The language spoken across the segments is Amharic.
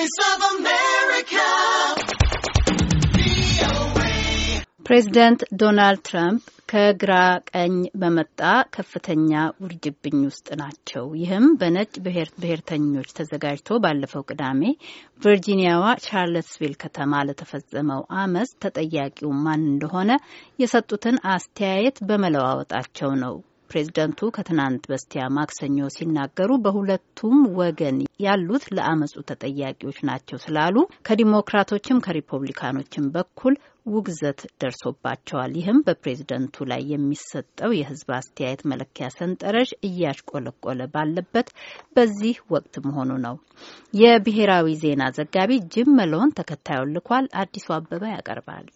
Voice of America. ፕሬዚደንት ዶናልድ ትራምፕ ከግራ ቀኝ በመጣ ከፍተኛ ውርጅብኝ ውስጥ ናቸው። ይህም በነጭ ብሔርተኞች ተዘጋጅቶ ባለፈው ቅዳሜ ቨርጂኒያዋ ቻርለትስቪል ከተማ ለተፈጸመው አመፅ ተጠያቂው ማን እንደሆነ የሰጡትን አስተያየት በመለዋወጣቸው ነው። ፕሬዝደንቱ ከትናንት በስቲያ ማክሰኞ ሲናገሩ በሁለቱም ወገን ያሉት ለአመፁ ተጠያቂዎች ናቸው ስላሉ ከዲሞክራቶችም ከሪፐብሊካኖችም በኩል ውግዘት ደርሶባቸዋል። ይህም በፕሬዝደንቱ ላይ የሚሰጠው የሕዝብ አስተያየት መለኪያ ሰንጠረዥ እያሽቆለቆለ ባለበት በዚህ ወቅት መሆኑ ነው። የብሔራዊ ዜና ዘጋቢ ጅም መለሆን ተከታዩን ልኳል። አዲሱ አበባ ያቀርባል።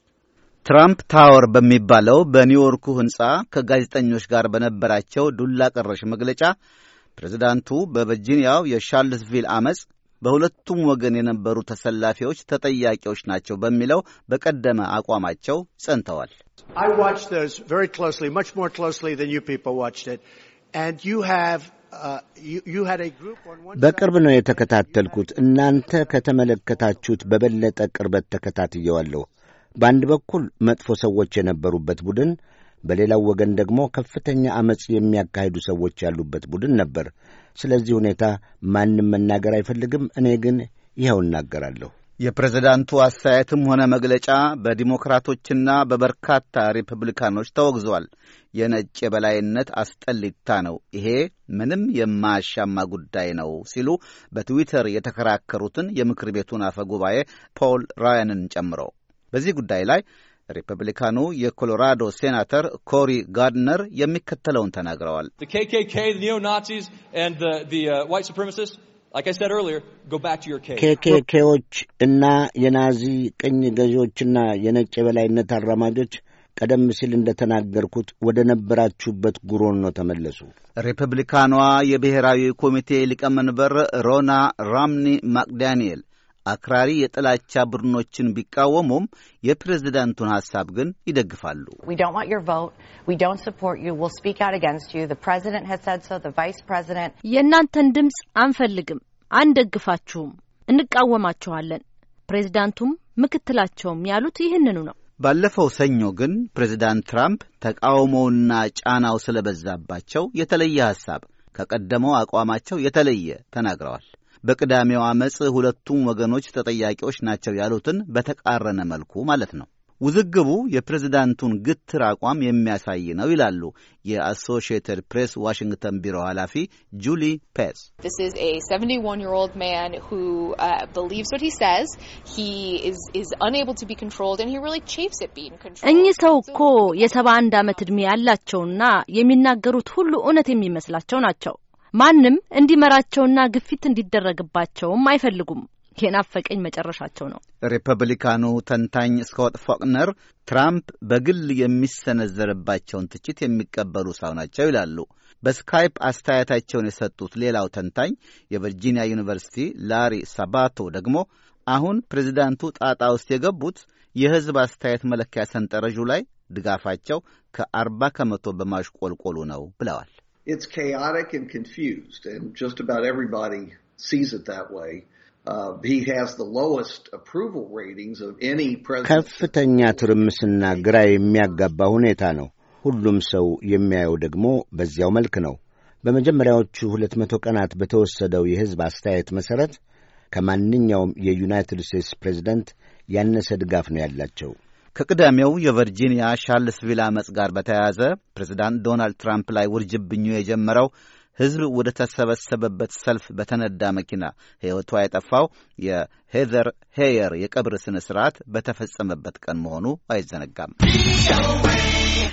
ትራምፕ ታወር በሚባለው በኒውዮርኩ ሕንፃ ከጋዜጠኞች ጋር በነበራቸው ዱላ ቀረሽ መግለጫ ፕሬዚዳንቱ በቨርጂኒያው የሻርልስቪል አመፅ በሁለቱም ወገን የነበሩ ተሰላፊዎች ተጠያቂዎች ናቸው በሚለው በቀደመ አቋማቸው ጸንተዋል። uh, በቅርብ ነው የተከታተልኩት። እናንተ ከተመለከታችሁት በበለጠ ቅርበት ተከታትየዋለሁ። በአንድ በኩል መጥፎ ሰዎች የነበሩበት ቡድን፣ በሌላው ወገን ደግሞ ከፍተኛ ዐመፅ የሚያካሂዱ ሰዎች ያሉበት ቡድን ነበር። ስለዚህ ሁኔታ ማንም መናገር አይፈልግም። እኔ ግን ይኸው እናገራለሁ። የፕሬዝዳንቱ አስተያየትም ሆነ መግለጫ በዲሞክራቶችና በበርካታ ሪፐብሊካኖች ተወግዟል። የነጭ የበላይነት አስጠሊታ ነው፣ ይሄ ምንም የማያሻማ ጉዳይ ነው ሲሉ በትዊተር የተከራከሩትን የምክር ቤቱን አፈ ጉባኤ ፖል ራያንን ጨምሮ በዚህ ጉዳይ ላይ ሪፐብሊካኑ የኮሎራዶ ሴናተር ኮሪ ጋርድነር የሚከተለውን ተናግረዋል። ኬኬኬዎች uh, እና የናዚ ቅኝ ገዢዎችና የነጭ የበላይነት አራማጆች ቀደም ሲል እንደተናገርኩት ወደ ነበራችሁበት ነው ተመለሱ። ሪፐብሊካኗ የብሔራዊ ኮሚቴ ሊቀመንበር ሮና ራምኒ ማክዳንኤል አክራሪ የጥላቻ ቡድኖችን ቢቃወሙም የፕሬዝዳንቱን ሐሳብ ግን ይደግፋሉ። የእናንተን ድምፅ አንፈልግም፣ አንደግፋችሁም፣ እንቃወማችኋለን። ፕሬዝዳንቱም ምክትላቸውም ያሉት ይህንኑ ነው። ባለፈው ሰኞ ግን ፕሬዝዳንት ትራምፕ ተቃውሞውና ጫናው ስለበዛባቸው የተለየ ሐሳብ ከቀደመው አቋማቸው የተለየ ተናግረዋል። በቅዳሜው ዓመፅ ሁለቱም ወገኖች ተጠያቂዎች ናቸው ያሉትን በተቃረነ መልኩ ማለት ነው። ውዝግቡ የፕሬዝዳንቱን ግትር አቋም የሚያሳይ ነው ይላሉ የአሶሽየትድ ፕሬስ ዋሽንግተን ቢሮ ኃላፊ ጁሊ ፔስ። uh, እኚህ ሰው እኮ የሰባ አንድ ዓመት ዕድሜ ያላቸውና የሚናገሩት ሁሉ እውነት የሚመስላቸው ናቸው። ማንም እንዲመራቸውና ግፊት እንዲደረግባቸውም አይፈልጉም። ይህን አፈቀኝ መጨረሻቸው ነው። ሪፐብሊካኑ ተንታኝ ስኮት ፎቅነር ትራምፕ በግል የሚሰነዘርባቸውን ትችት የሚቀበሉ ሰው ናቸው ይላሉ። በስካይፕ አስተያየታቸውን የሰጡት ሌላው ተንታኝ የቨርጂኒያ ዩኒቨርሲቲ ላሪ ሳባቶ ደግሞ አሁን ፕሬዚዳንቱ ጣጣ ውስጥ የገቡት የሕዝብ አስተያየት መለኪያ ሰንጠረዡ ላይ ድጋፋቸው ከአርባ ከመቶ በማሽቆልቆሉ ነው ብለዋል። it's chaotic and confused, and just about everybody sees it that way. Uh, he has the lowest approval ratings of any president. ከፍተኛ ትርምስና ግራ የሚያጋባ ሁኔታ ነው። ሁሉም ሰው የሚያየው ደግሞ በዚያው መልክ ነው። በመጀመሪያዎቹ ሁለት መቶ ቀናት በተወሰደው የሕዝብ አስተያየት መሠረት ከማንኛውም የዩናይትድ ስቴትስ ፕሬዚደንት ያነሰ ድጋፍ ነው ያላቸው። ከቅዳሜው የቨርጂኒያ ሻርልስቪል አመፅ ጋር በተያያዘ ፕሬዚዳንት ዶናልድ ትራምፕ ላይ ውርጅብኙ የጀመረው ሕዝብ ወደ ተሰበሰበበት ሰልፍ በተነዳ መኪና ሕይወቷ የጠፋው የሄዘር ሄየር የቀብር ስነ ስርዓት በተፈጸመበት ቀን መሆኑ አይዘነጋም።